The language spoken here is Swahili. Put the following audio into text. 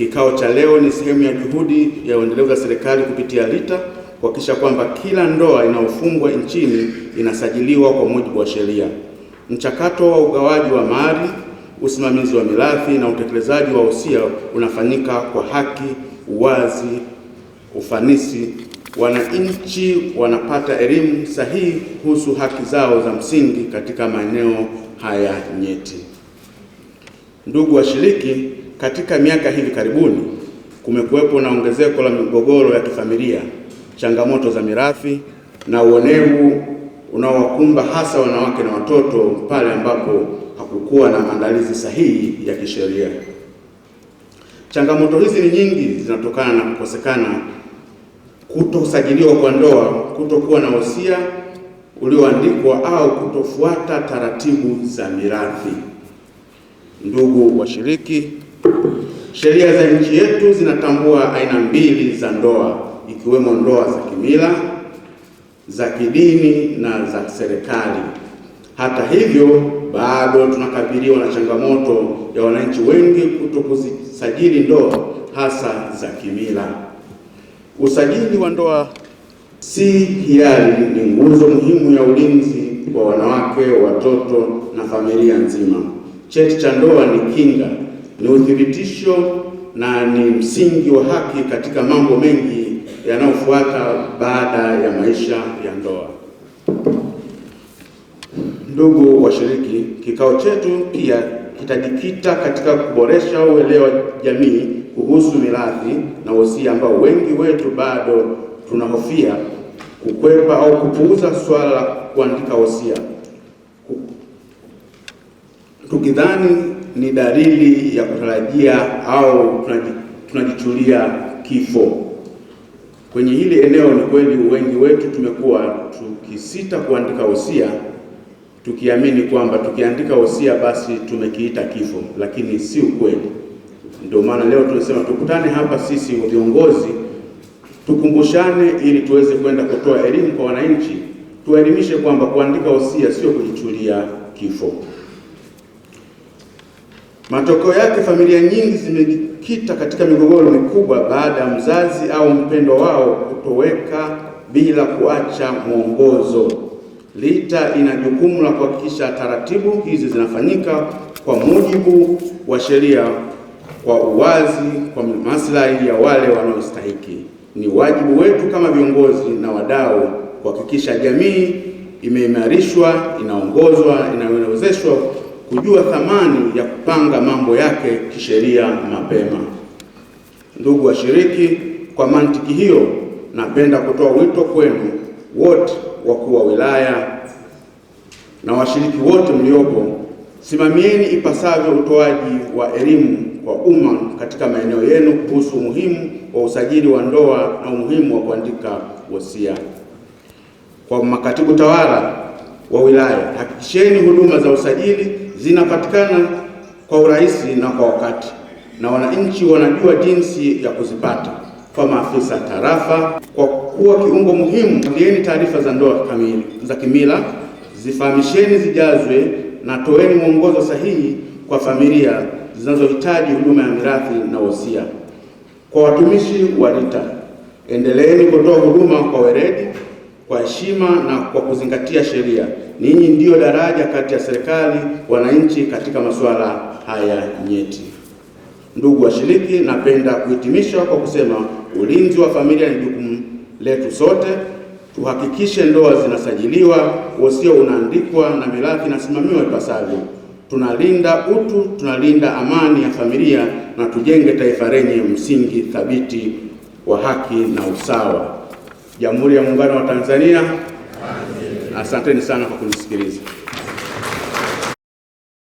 Kikao cha leo ni sehemu ya juhudi ya uendelevu za serikali kupitia RITA kuhakikisha kwamba kila ndoa inayofungwa nchini inasajiliwa kwa mujibu wa sheria. Mchakato wa ugawaji wa mali, usimamizi wa mirathi na utekelezaji wa usia unafanyika kwa haki, uwazi, ufanisi. Wananchi wanapata elimu sahihi kuhusu haki zao za msingi katika maeneo haya nyeti. Ndugu washiriki, katika miaka hivi karibuni kumekuwepo na ongezeko la migogoro ya kifamilia, changamoto za mirathi na uonevu unaowakumba hasa wanawake na watoto pale ambapo hakukuwa na maandalizi sahihi ya kisheria. Changamoto hizi ni nyingi, zinatokana na kukosekana kutosajiliwa kwa ndoa, kutokuwa na wosia ulioandikwa au kutofuata taratibu za mirathi. Ndugu washiriki Sheria za nchi yetu zinatambua aina mbili za ndoa, ikiwemo ndoa za kimila, za kidini na za serikali. Hata hivyo, bado tunakabiliwa na changamoto ya wananchi wengi kuzisajili ndoa, hasa za kimila. Usajili wa ndoa si hiari ni nguzo muhimu ya ulinzi kwa wanawake, watoto na familia nzima. Cheti cha ndoa ni kinga ni uthibitisho na ni msingi wa haki katika mambo mengi yanayofuata baada ya maisha ya ndoa. Ndugu washiriki, kikao chetu pia kitajikita katika kuboresha uelewa jamii kuhusu mirathi na wosia ambao wengi wetu bado tunahofia kukwepa au kupuuza swala la kuandika wosia tukidhani ni dalili ya kutarajia au tunajichulia kifo. Kwenye hili eneo, ni kweli wengi wetu tumekuwa tukisita kuandika wosia, tukiamini kwamba tukiandika wosia basi tumekiita kifo, lakini si ukweli. Ndio maana leo tunasema tukutane hapa sisi viongozi tukumbushane, ili tuweze kwenda kutoa elimu kwa wananchi, tuwaelimishe kwamba kuandika wosia sio kujichulia kifo. Matokeo yake familia nyingi zimejikita katika migogoro mikubwa baada ya mzazi au mpendwa wao kutoweka bila kuacha mwongozo. LITA ina jukumu la kuhakikisha taratibu hizi zinafanyika kwa mujibu wa sheria kwa uwazi, kwa maslahi ya wale wanaostahiki. Ni wajibu wetu kama viongozi na wadau kuhakikisha jamii imeimarishwa, inaongozwa, inawezeshwa kujua thamani ya kupanga mambo yake kisheria mapema. Ndugu washiriki, kwa mantiki hiyo, napenda kutoa wito kwenu wote, wakuu wa wilaya na washiriki wote mliopo, simamieni ipasavyo utoaji wa elimu kwa umma katika maeneo yenu kuhusu umuhimu wa usajili wa ndoa na umuhimu wa kuandika wosia. Kwa makatibu tawala wa wilaya, hakikisheni huduma za usajili zinapatikana kwa urahisi na kwa wakati, na wananchi wanajua jinsi ya kuzipata kwa maafisa tarafa, kwa kuwa kiungo muhimu. Ndieni taarifa za ndoa kamili za kimila, zifahamisheni, zijazwe na toeni mwongozo sahihi kwa familia zinazohitaji huduma ya mirathi na wosia. Kwa watumishi wa RITA, endeleeni kutoa huduma kwa weledi kwa heshima na kwa kuzingatia sheria. Ninyi ndiyo daraja kati ya serikali, wananchi katika masuala haya nyeti. Ndugu washiriki, napenda kuhitimisha kwa kusema ulinzi wa familia ni jukumu letu sote. Tuhakikishe ndoa zinasajiliwa, wosia unaandikwa na mirathi inasimamiwa ipasavyo. Tunalinda utu, tunalinda amani ya familia na tujenge taifa lenye msingi thabiti wa haki na usawa. Jamhuri ya Muungano wa Tanzania. Asanteni sana kwa kunisikiliza.